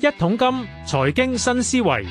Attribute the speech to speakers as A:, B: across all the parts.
A: 一桶金財經新思維，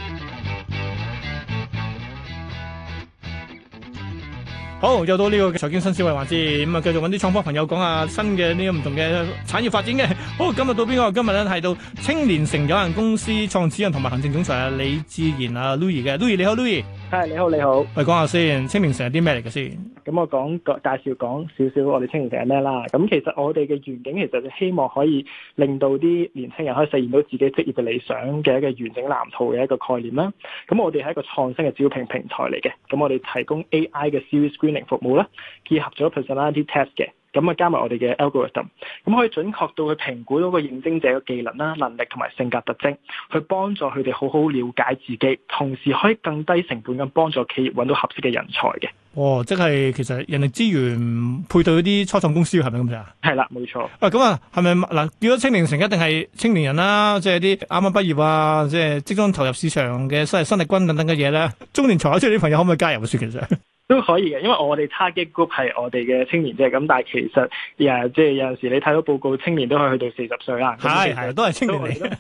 A: 好，又到呢個財經新思維環節，咁啊繼續揾啲創科朋友講下新嘅呢個唔同嘅產業發展嘅。好，今日到邊個？今日咧係到青年城有限公司創始人同埋行政總裁啊李智賢啊 Louis 嘅 Louis，你好 Louis，係你好你好，喂，講下先，青年城係啲咩嚟嘅先？
B: 咁、嗯、我講個介紹講少少我，我哋青年城係咩啦？咁其實我哋嘅願景其實就希望可以令到啲年輕人可以實現到自己職業嘅理想嘅一個完整藍圖嘅一個概念啦。咁、嗯、我哋係一個創新嘅招聘平台嚟嘅，咁、嗯、我哋提供 AI 嘅 CV screening 服務啦，結合咗 personality test 嘅。咁啊，加埋我哋嘅 algorithm，咁可以準確到去評估到個應徵者嘅技能啦、能力同埋性格特徵，去幫助佢哋好好了解自己，同時可以更低成本咁幫助企業揾到合適嘅人才嘅。
A: 哦，即係其實人力資源配對啲初創公司係咪咁嘅？係啦，冇錯。喂，咁啊，係咪嗱？叫咗青年城一定係青年人啦、啊，即係啲啱啱畢業啊，即係即將投入市場嘅新新力軍等等嘅嘢咧。中年才出嚟啲朋友可唔可以加入啊算？算其實？
B: 都可以嘅，因為我哋 Target Group 係我哋嘅青年即係啫，咁但係其實呀，即係有陣時你睇到報告，青年都可以去到四十歲啦。係係的實，都係青年嚟。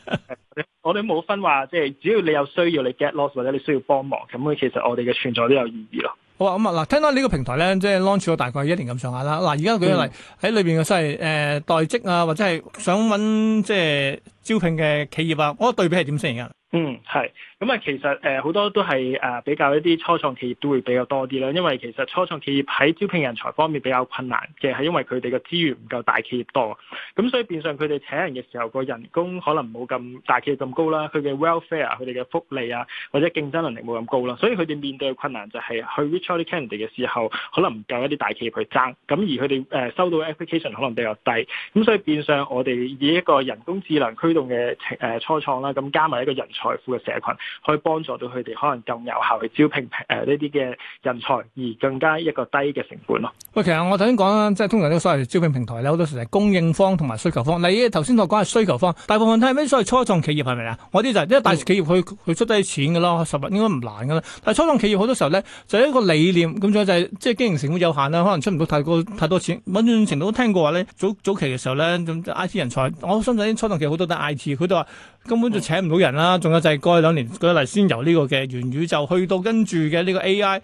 B: 我哋冇分話，即係只要你有需要，你 get lost 或者你需要幫忙，咁其實我哋嘅存在都有意義
A: 咯。好啊、嗯，咁啊嗱，聽到呢個平台咧，即係 launch 咗大概一年咁上下啦。嗱，而家舉個例喺裏邊嘅，就是，即係誒代職啊，或者係想揾即係招聘嘅企業啊，嗰個對比係點先噶？嗯，
B: 係。咁啊，其實誒好、呃、多都係誒、呃、比較一啲初創企業都會比較多啲啦，因為其實初創企業喺招聘人才方面比較困難嘅，係因為佢哋嘅資源唔夠大企業多，咁所以變相佢哋請人嘅時候個人工可能冇咁大企業咁高啦，佢嘅 welfare 佢哋嘅福利啊或者競爭能力冇咁高啦，所以佢哋面對嘅困難就係去 recruit candidate 嘅時候可能唔夠一啲大企業去爭，咁而佢哋誒收到 application 可能比較低，咁所以變相我哋以一個人工智能驅動嘅誒初創啦，咁加埋一個人才庫嘅社群。可以幫助到佢哋可能更有效去招聘誒呢啲嘅人才，而更加一個低嘅成本咯。
A: 喂、okay，其實我頭先講啦，即係通常呢個所謂招聘平台咧，好多時係供應方同埋需求方。你頭先我講係需求方，大部分睇係咩所謂初創企業係咪啊？我啲就因、是、為大企業佢佢出低錢嘅咯，實物應該唔難嘅啦。但係初創企業好多時候咧，就一個理念咁樣，就係、是、即係經營成本有限啦，可能出唔到太多太多錢。某種程度都聽過話咧，早早期嘅時候咧，咁 I T 人才，我相信啲初創企業好多都 I T，佢都話。根本就請唔到人啦，仲有就係過去兩年舉例，先由呢個嘅元宇宙去到跟住嘅呢個 AI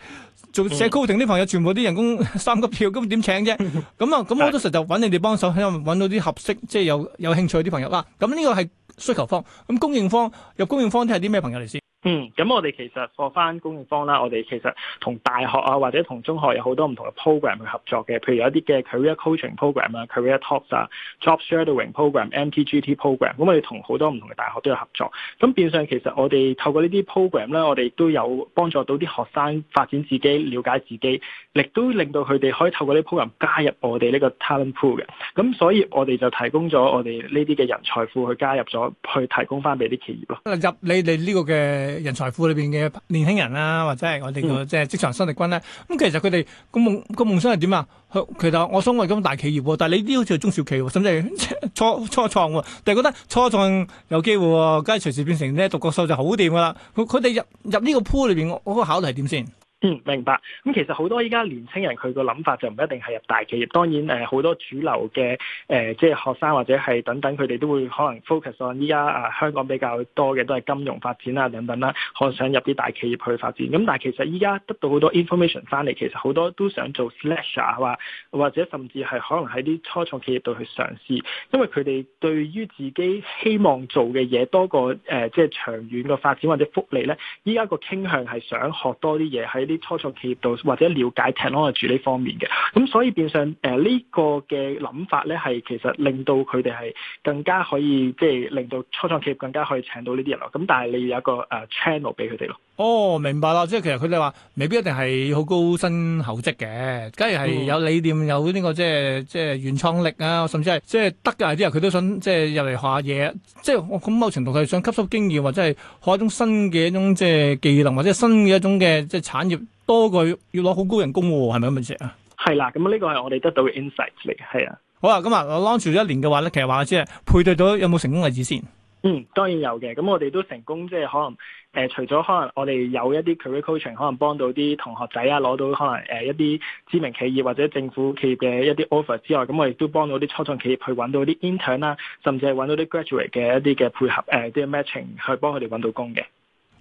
A: 做寫 coding 啲朋友，全部啲人工 三級跳，咁點請啫？咁啊，咁好多時候就揾你哋幫手，因為揾到啲合適即係有有興趣啲朋友啦。咁呢個係需求方，咁供應方入供應方都係啲咩朋友嚟先？嗯，咁我哋其實做翻供
B: 應方啦，我哋其實同大學啊或者同中學有好多唔同嘅 program 去合作嘅，譬如有一啲嘅 career coaching program 啊，career talks 啊，job shadowing program，MTGT program，咁，嗯，我哋同好多唔同嘅大學都有合作。咁變相其實我哋透過呢啲 program 咧，我哋都有幫助到啲學生發展自己、了解自己，亦都令到佢哋可以透過呢啲 program 加入我哋呢個 talent pool 嘅。咁所以我哋就提供咗我哋呢啲嘅人才庫去加入咗，去提供翻俾啲企業
A: 咯。入你哋呢個嘅。人才庫裏邊嘅年輕人啦、啊，或者係我哋嘅、嗯、即係職場生力軍咧。咁其實佢哋個夢個夢想係點啊？其實我想為咁大企業，但係你呢啲好似係中小企業甚至係初初創，但係覺得初創有機會，梗係隨時變成呢獨角獸就好掂噶啦。佢佢哋入入呢個鋪裏邊，我個考慮係點先？嗯，明白。咁其實好多依家
B: 年青人佢個諗法就唔一定係入大企業，當然誒好多主流嘅誒、呃、即係學生或者係等等，佢哋都會可能 focus on 依家啊香港比較多嘅都係金融發展啊等等啦、啊，可能想入啲大企業去發展。咁但係其實依家得到好多 information 翻嚟，其實好多都想做 slasher，或、啊、或者甚至係可能喺啲初創企業度去嘗試，因為佢哋對於自己希望做嘅嘢多過誒、呃、即係長遠嘅發展或者福利咧。依家個傾向係想學多啲嘢喺初創企業度或者了解 technology 呢方面嘅，咁、嗯、所以變相誒、呃呢個、呢個嘅諗法咧，係其實令到佢哋係更加可以即係令到初創企業更加可以請到呢啲人咯。咁、嗯、但係你要有一個誒、
A: 呃、channel 俾佢哋咯。哦，明白啦，即係其實佢哋話未必一定係好高薪厚職嘅，假如係有理念、嗯、有呢、呢個即係即係原創力啊，甚至係即係得嘅啲人，佢都想即係入嚟學下嘢。即係我咁某程度佢哋想吸收經驗，或者係學一種新嘅一種即係技能，或者新嘅一種嘅即係產業。多過要攞好高人工喎，係咪咁嘅意思啊？
B: 係啦，咁呢個係我哋得到嘅 insight 嚟嘅，係啊。
A: 好啦，咁啊 launch 咗一年嘅話咧，其實話即係配對到有冇成功例子先？
B: 嗯，當然有嘅。咁我哋都成功即係可能誒、呃，除咗可能我哋有一啲 curriculum，可能幫到啲同學仔啊攞到可能誒、呃、一啲知名企業或者政府企業嘅一啲 offer 之外，咁我亦都幫到啲初創企業去揾到啲 intern 啦，甚至係揾到啲 graduate 嘅一啲嘅配合即係、呃、matching 去幫佢哋揾到工嘅。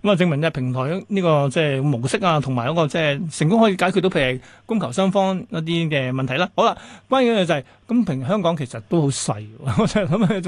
A: 咁啊，證明就係平台呢、這個即係、這個這個、模式啊，同埋嗰個即係、這個、成功可以解決到，譬如供求雙方一啲嘅問題啦。好啦，關於嘅就係、是、咁，平香港其實都好細，我成日就係、是嗯、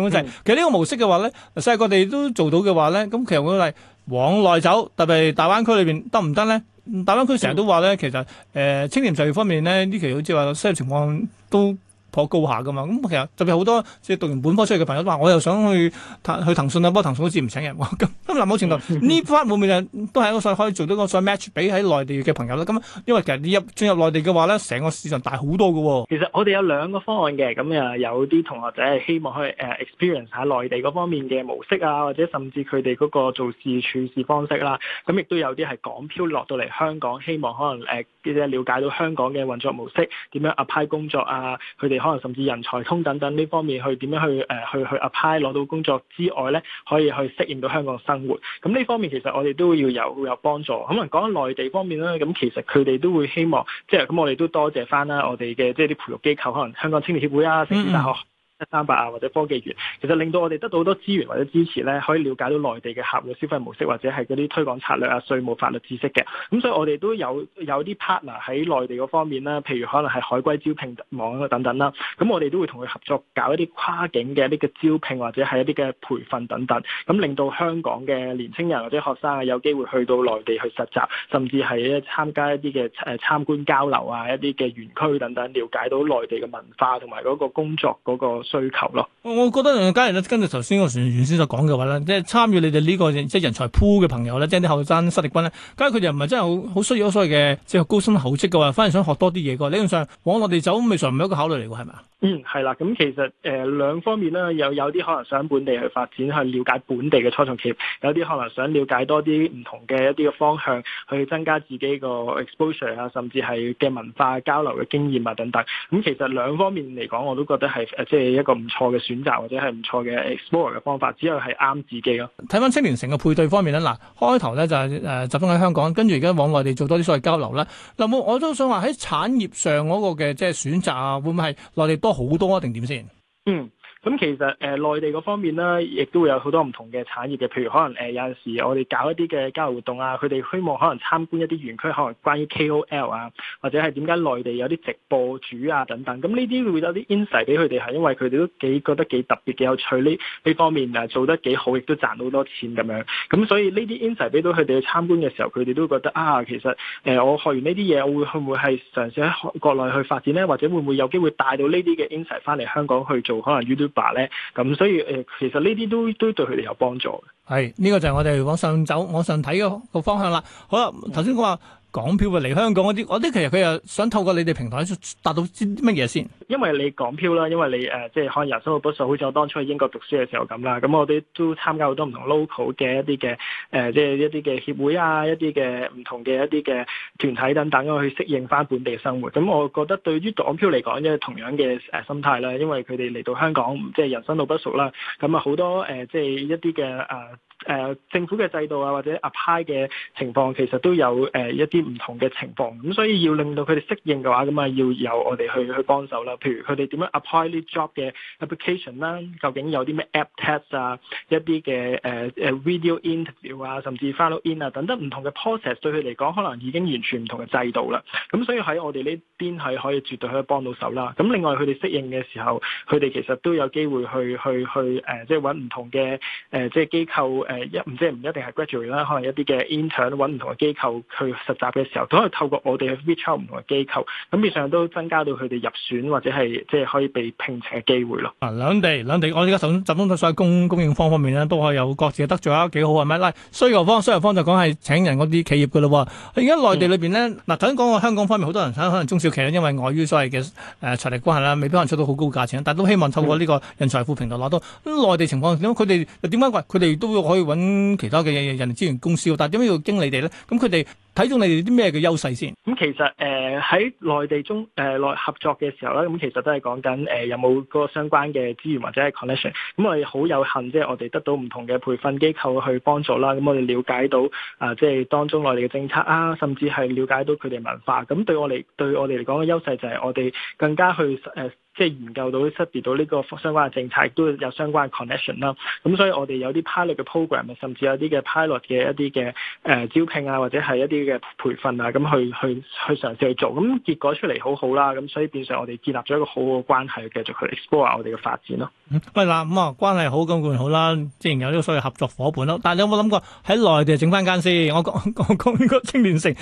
A: 其實呢個模式嘅話咧，世界各地都做到嘅話咧，咁其實我哋往內走，特別係大灣區裏邊得唔得咧？大灣區成日都話咧，其實誒、呃、青年就業方面呢，呢期好似話些情況都。頗高下㗎嘛，咁其實特別好多即係、就是、讀完本科出嚟嘅朋友都話，我又想去騰去騰訊啊，不過騰訊好似唔請人喎。咁咁臨某程度呢翻會唔會就都係一個所可以做到一個所 match 俾喺內地嘅朋友咧？咁因為其實你入進入內地嘅話咧，成個市場大好多㗎喎。其實我哋有兩個方
B: 案嘅，咁啊有啲同學仔係希望去誒 experience 下內地嗰方面嘅模式啊，或者甚至佢哋嗰個做事處事方式啦，咁亦都有啲係港漂落到嚟香港，希望可能誒嘅、呃、了解到香港嘅運作模式點樣 apply 工作啊，佢哋。可能甚至人才通等等呢方面去、呃，去點樣去誒去去 apply 攞到工作之外咧，可以去適應到香港生活。咁呢方面其實我哋都要有有幫助。可能講緊內地方面啦，咁其實佢哋都會希望，即係咁我哋都多謝翻啦，我哋嘅即係啲培育機構，可能香港青年協會啊，城市大學。嗯一三八啊，或者科技園，其實令到我哋得到好多資源或者支持咧，可以了解到內地嘅客戶消費模式或者係嗰啲推廣策略啊、稅務法律知識嘅。咁所以我哋都有有啲 partner 喺內地嗰方面啦，譬如可能係海歸招聘網等等啦。咁我哋都會同佢合作搞一啲跨境嘅一個招聘或者係一啲嘅培訓等等。咁令到香港嘅年輕人或者學生啊有機會去到內地去實習，甚至係一參加一啲嘅誒參觀交流啊，一啲嘅園區等等，了解到內地嘅文化同埋嗰個工作嗰個。需
A: 求咯，我覺得梗係咧，跟住頭先我原先所講嘅話咧，即係參與你哋呢個即係人才鋪嘅朋友咧，即係啲後生、新力軍咧，咁佢哋唔係真係好好需要所謂嘅即係高薪厚職嘅話，反而想學多啲嘢嘅，理論上往內地走，未嘗唔係一個考慮嚟嘅？係咪啊？嗯，
B: 係啦，咁其實誒、呃、兩方面咧，有有啲可能想本地去發展，去了解本地嘅初創企業；有啲可能想了解多啲唔同嘅一啲嘅方向，去增加自己個 exposure 啊，甚至係嘅文化交流嘅經驗啊等等。咁、嗯、其實兩方面嚟講，我都覺得係誒、呃、即係。一個唔錯嘅選擇，或者係唔錯嘅 explorer 嘅方法，只有係啱自己咯。
A: 睇翻青年城嘅配對方面咧，嗱開頭咧就係誒集中喺香港，跟住而家往內地做多啲所謂交流啦。嗱，我我都想話喺產業上嗰個嘅即係選擇啊，會唔會係內地多好多定點先？嗯。咁
B: 其實誒、呃、內地嗰方面咧，亦都會有好多唔同嘅產業嘅，譬如可能誒、呃、有陣時我哋搞一啲嘅交流活動啊，佢哋希望可能參觀一啲園區，可能關於 KOL 啊，或者係點解內地有啲直播主啊等等，咁呢啲會有啲 insight 俾佢哋，係因為佢哋都幾覺得幾特別、幾有趣呢，呢方面啊做得幾好，亦都賺到好多錢咁樣。咁所以呢啲 insight 俾到佢哋去參觀嘅時候，佢哋都覺得啊，其實誒、呃、我學完呢啲嘢，我會唔會係嘗試喺國內去發展咧？或者會唔會有機會帶到呢啲嘅 insight 翻嚟香港去做，可能 YouTube 白咧，咁所以誒，其實呢啲都都對佢哋有幫助嘅。
A: 係呢個就係我哋往上走、往上睇個個方向啦。好啦，頭先講話。港票嘅嚟香港嗰啲，我啲其實佢又想透過你哋平台達到啲乜嘢先？
B: 因為你港票啦，因為你誒即係可能人生路不熟，好似我當初去英國讀書嘅時候咁啦。咁我哋都參加好多唔同 local 嘅一啲嘅誒，即、呃、係、就是、一啲嘅協會啊，一啲嘅唔同嘅一啲嘅團體等等，去適應返本地生活。咁我覺得對於港票嚟講，呃，因為同樣嘅誒心態啦，因為佢哋嚟到香港即係、就是、人生路不熟啦。咁啊好多誒，即、呃、係、就是、一啲嘅啊。呃誒、呃、政府嘅制度啊，或者 apply 嘅情況，其實都有誒、呃、一啲唔同嘅情況，咁、嗯、所以要令到佢哋適應嘅話，咁啊要由我哋去去幫手啦。譬如佢哋點樣 apply 呢 job 嘅 application 啦，究竟有啲咩 app test 啊，一啲嘅誒誒 video interview 啊，甚至 follow in 啊，等等唔同嘅 process 對佢嚟講，可能已經完全唔同嘅制度啦。咁、嗯、所以喺我哋呢邊係可以絕對可以幫到手啦。咁、嗯、另外佢哋適應嘅時候，佢哋其實都有機會去去去誒、呃，即係搵唔同嘅誒、呃，即係機構、呃一唔知唔一定係 graduate 啦，可能一啲嘅 intern 揾唔同嘅機構去實習嘅時候，都可以透過我哋嘅 reach out 唔同嘅機構，咁變相都增加到佢哋入選或者係即係可以被聘請嘅機會咯。
A: 啊，兩地兩地，我而家集中在所，所謂供供應方方面呢，都可以有各自嘅得罪，啦，幾好啊？咩咧？需求方需求方就講係請人嗰啲企業噶咯。而家內地裏邊呢，嗱頭先講過香港方面好多人，可能中小企呢，因為礙於所謂嘅誒財力關係啦，未必可能出到好高價錢，但係都希望透過呢個人才庫平台攞到，咁內地情況點？佢哋點解佢哋都可以？穩其他嘅人力資源公司，但係點解要經你哋咧？咁佢哋。睇中你哋啲咩嘅優勢先？咁、嗯、其實誒喺內
B: 地中誒內、呃、合作嘅時候咧，咁、嗯、其實都係講緊誒有冇個相關嘅資源或者係 connection、嗯。咁我哋好有幸，即、就、係、是、我哋得到唔同嘅培訓機構去幫助啦。咁、嗯、我哋了解到啊、呃，即係當中內地嘅政策啊，甚至係了解到佢哋文化。咁、嗯、對我哋對我哋嚟講嘅優勢就係我哋更加去誒、呃、即係研究到、識別到呢個相關嘅政策，亦都有相關嘅 connection 啦。咁、嗯、所以我哋有啲 pilot 嘅 program 啊，甚至有啲嘅 pilot 嘅一啲嘅誒招聘啊，或者係一啲，嘅培訓啊，咁去去去嘗試去做，咁結果出嚟好好啦，咁所以變成我哋建立咗一個好好嘅關係，繼續去 explore 我哋嘅發展咯。
A: 唔係啦，咁啊關係好咁固然好啦，自然有呢個所謂合作伙伴咯。但係你有冇諗過喺內地整翻間先？我講講講呢個青年城，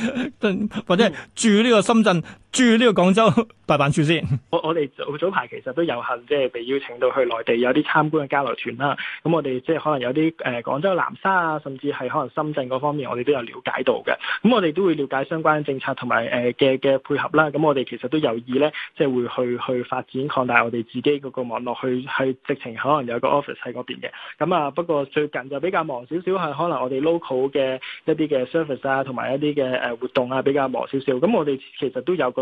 A: 或者住呢個深圳。嗯嗯住呢個廣州大版處先
B: 我。我我哋早早排其實都有幸即係被邀請到去內地有啲參觀嘅交流團啦。咁我哋即係可能有啲誒、呃、廣州南沙啊，甚至係可能深圳嗰方面，我哋都有了解到嘅。咁我哋都會了解相關政策同埋誒嘅嘅配合啦。咁我哋其實都有意咧，即係會去去發展擴大我哋自己嗰個網絡，去去直情可能有個 office 喺嗰邊嘅。咁啊，不過最近就比較忙少少，係可能我哋 local 嘅一啲嘅 service 啊，同埋一啲嘅誒活動啊，比較忙少少。咁我哋其實都有個。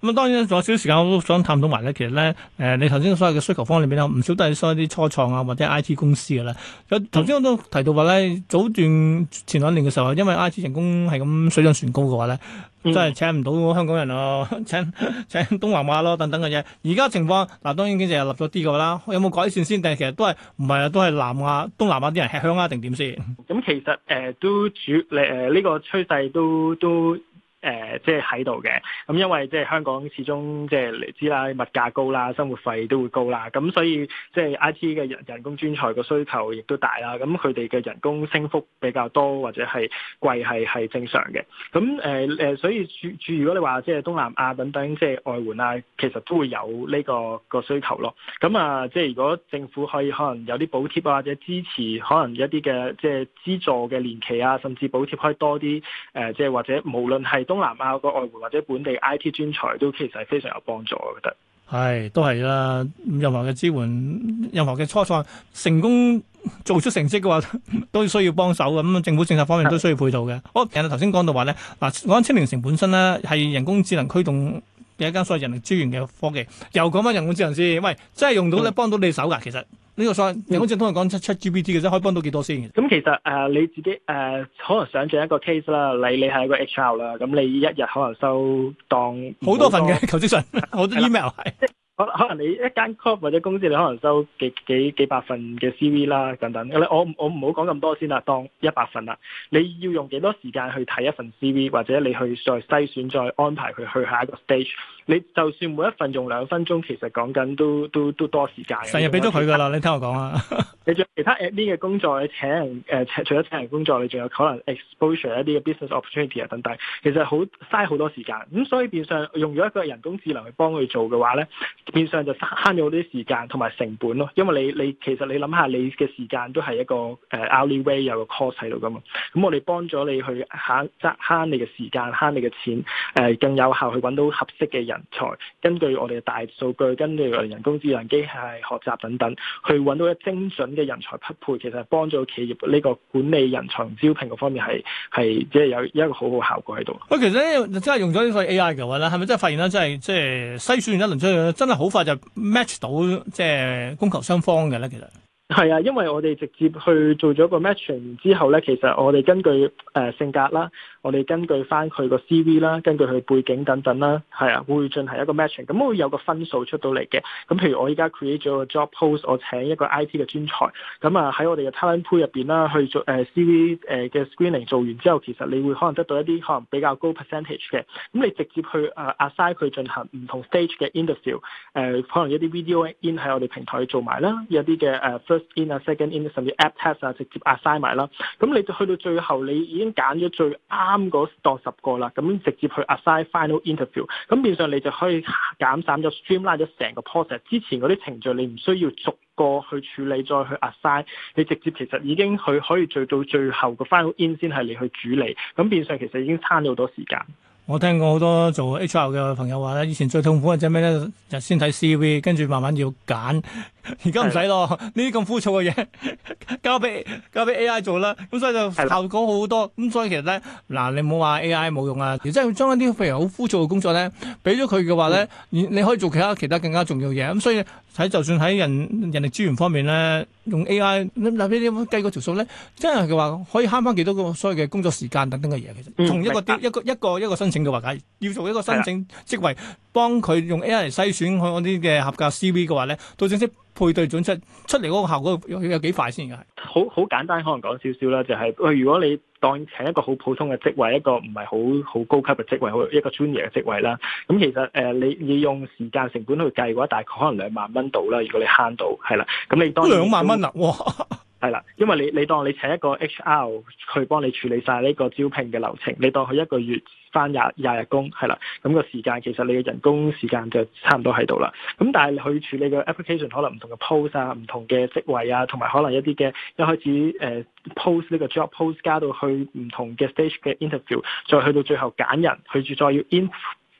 A: 咁啊、嗯，當然仲有少少時間，我都想探討埋咧。其實咧，誒、呃，你頭先所謂嘅需求方裏邊有唔少都係所謂啲初創啊，或者 I T 公司嘅啦。有頭先我都提到話咧，早段前兩年嘅時候，因為 I T 成功係咁水漲船高嘅話咧，嗯、真係請唔到香港人啊，請請東南亞咯等等嘅啫。而家情況嗱，當然已經係立咗啲嘅啦。有冇改善先定係其實都係唔係啊？都都係南亞東南亞啲人吃香啊，定點先？
B: 咁、嗯、其實誒、呃、都主誒呢、呃這個趨勢都都。誒、呃，即係喺度嘅。咁、嗯、因為即係香港始終即係你知啦，物價高啦，生活費都會高啦。咁、嗯、所以即係 I T 嘅人人工專才嘅需求亦都大啦。咁佢哋嘅人工升幅比較多或者係貴係係正常嘅。咁誒誒，所以注注，如果你話即係東南亞等等即係外援啊，其實都會有呢、這個個需求咯。咁、嗯、啊，即係如果政府可以可能有啲補貼、啊、或者支持，可能一啲嘅即係資助嘅年期啊，甚至補貼可以多啲誒、呃，即係或者無論係。東南亞個外匯或者本地 IT 專才都其實係非常有幫助，我覺得
A: 係都係啦。任何嘅支援，任何嘅初創，成功做出成績嘅話，都需要幫手咁，政府政策方面都需要配套嘅。我其實頭先講到話咧，嗱，我講青年城本身咧係人工智能驅動。有一間所謂人力資源嘅科技，又講翻人工智能先。喂，真係用到咧，幫、嗯、到你手噶。其實呢個所謂人工智能，通常講 ChatGPT 嘅啫，可以幫到幾多先？
B: 咁、嗯、其實誒、呃，你自己誒、呃，可能想象一個 case 啦。你你係一個 HR 啦，咁你一日可能收當好多，多份嘅
A: 求職信，
B: 好多 email。可能你一間 club 或者公司，你可能收幾幾幾百份嘅 CV 啦、等等。我我唔好講咁多先啦，當一百份啦。你要用幾多時間去睇一份 CV，或者你去再篩選，再安排佢去下一個 stage。你就算每一份用兩分鐘，其實講緊都都都多時間。成日俾咗佢㗎
A: 啦，你聽我講啊！ 你
B: 做其他 admin 啲嘅工作，你請人誒，除咗請人工作，你仲有可能 exposure 一啲嘅 business opportunity 啊，等等，其實好嘥好多時間。咁所以變相用咗一個人工智能去幫佢做嘅話咧，變相就慳咗啲時間同埋成本咯。因為你你其實你諗下，你嘅時間都係一個誒 outlay 有個 cost 喺度㗎嘛。咁我哋幫咗你去慳慳你嘅時間，慳你嘅錢，誒、呃、更有效去揾到合適嘅人。才根據我哋嘅大數據，根據我哋人工智能、機械學習等等，去揾到一精準嘅人才匹配，其實幫助企業呢個管理人才招聘嘅方面係係即係有一個好好效果喺度。
A: 喂，其實呢是是真係用咗呢個 AI 嘅話咧，係咪真係發現咧、就是，即係即係篩選一輪出去，真係好快就 match 到即係供求雙方嘅咧？其實
B: 係啊，因為我哋直接去做咗個 matching 之後咧，其實我哋根據誒、呃、性格啦。我哋 根據翻佢個 CV 啦，根據佢背景等等啦，係啊，會進行一個 matching，咁會有個分數出到嚟嘅。咁譬如我依家 create 咗個 job post，我請一個 IT 嘅專才，咁啊喺我哋嘅 talent pool 入邊啦，去做誒、呃、CV 誒嘅 screening 做完之後，其實你會可能得到一啲可能比較高的 percentage 嘅。咁你直接去誒 assign 佢進行唔同 stage 嘅 interview 誒，可能一啲 video in 喺我哋平台去做埋啦，有啲嘅誒 first in 啊，second in 甚至 app test 啊，直接 assign 埋啦。咁你去到最後，你已經揀咗最啱。咁嗰、那個、十個啦，咁直接去 assign final interview，咁變相你就可以減散咗 streamline 咗成個 process。之前嗰啲程序你唔需要逐個去處理，再去 assign，你直接其實已經佢可以做到最後個 final interview 先係你去處理，咁變相其實已經慳咗好多時間。
A: 我聽過好多做 HR 嘅朋友話咧，以前最痛苦嘅就係咩咧？就先睇 CV，跟住慢慢要揀，而家唔使咯。呢啲咁枯燥嘅嘢交俾交俾 AI 做啦。咁所以就效果好好多。咁所以其實咧，嗱你唔好話 AI 冇用啊。其實真係將一啲譬如好枯燥嘅工作咧，俾咗佢嘅話咧、嗯，你可以做其他其他更加重要嘅嘢。咁所以喺就算喺人人力資源方面咧，用 AI，嗱俾你計個條數咧，真係嘅話可以慳翻幾多個所謂嘅工作時間等等嘅嘢。其實同一個一個一個,一個申請。嘅話要做一個申請職位，幫佢用 A I 嚟篩選嗰啲嘅合格 C V 嘅話咧，到正式配對準出出嚟嗰個效果有有幾快先嘅？好好
B: 簡單，可能講少少啦，就係、是、喂，如果你當請一個好普通嘅職位，一個唔係好好高級嘅職位，一個專業嘅職位啦，咁其實誒，你、呃、你用時間成本去計嘅話，大概可能兩萬蚊到啦。如果你慳到係啦，咁你當兩萬蚊啊！係啦，因為你你當你請一個 H.R. 去幫你處理晒呢個招聘嘅流程，你當佢一個月翻廿廿日工係啦，咁個時間其實你嘅人工時間就差唔多喺度啦。咁但係佢處理嘅 application 可能唔同嘅 post 啊，唔同嘅職位啊，同埋可能一啲嘅一開始誒、uh, post 呢個 job post 加到去唔同嘅 stage 嘅 interview，再去到最後揀人，去住再要 in。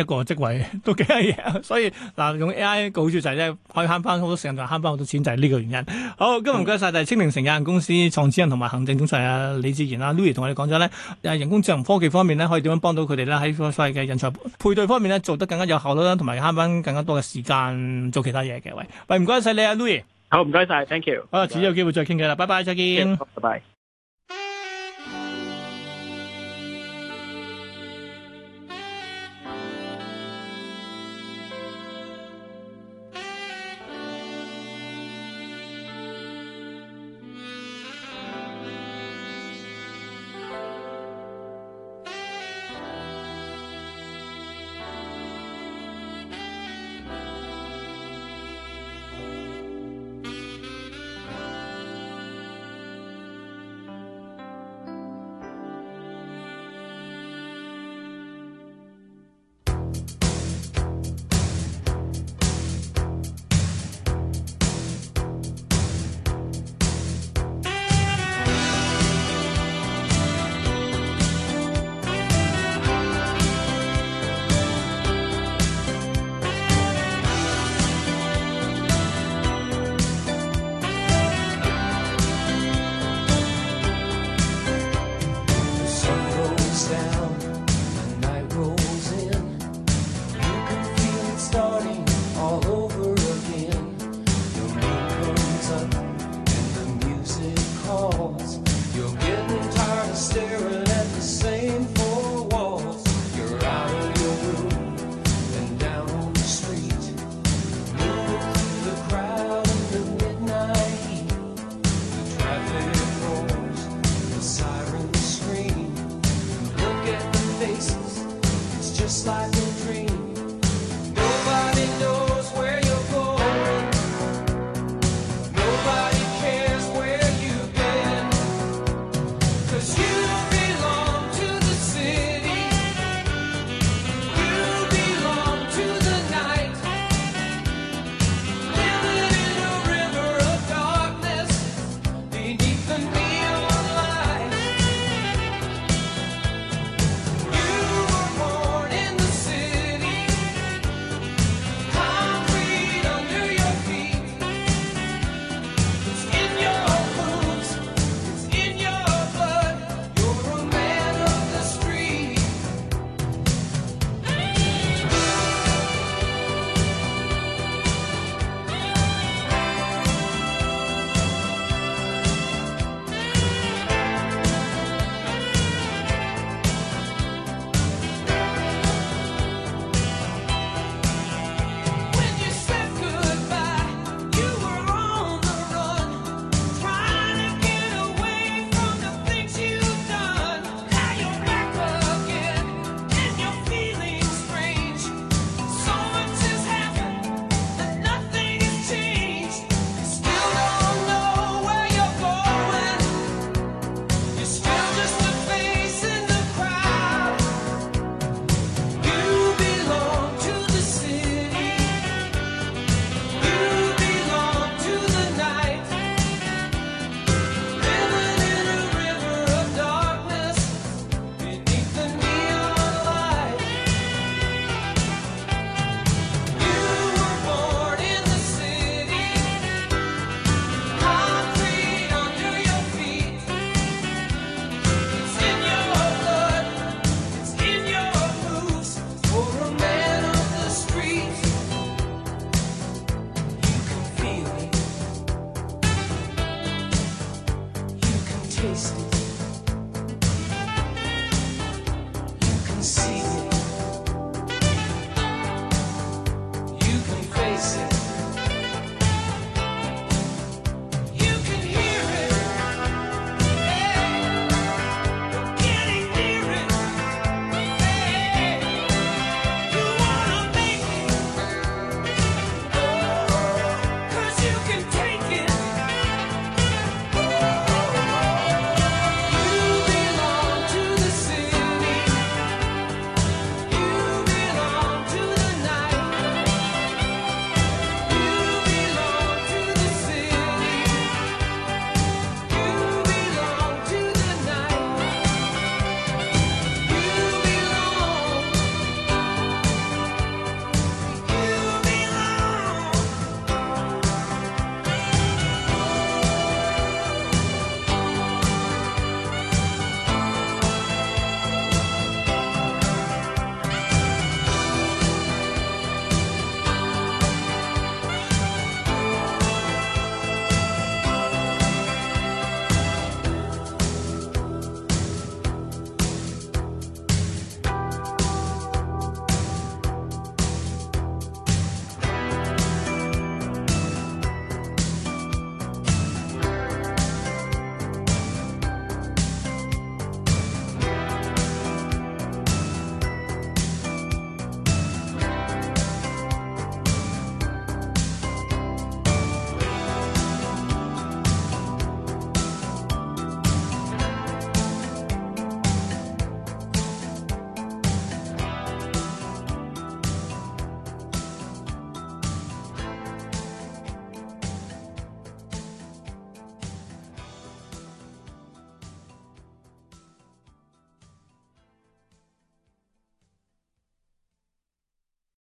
A: 一個職位都幾嘢，所以嗱，用 AI 嘅好處就係、是、咧，可以慳翻好多時間就慳翻好多錢，就係、是、呢個原因。好，今日唔該晒，就係青年城有限公司創始人同埋行政總裁啊李智賢啊 Louis 同我哋講咗咧，人工智能科技方面咧可以點樣幫到佢哋咧喺所謂嘅人才配對方面咧做得更加有效率啦，同埋慳翻更加多嘅時間做其他嘢嘅喂，唔該晒你啊 Louis，好唔該晒，thank you。好，遲啲好謝有機會再傾偈啦，拜拜，再見，拜拜。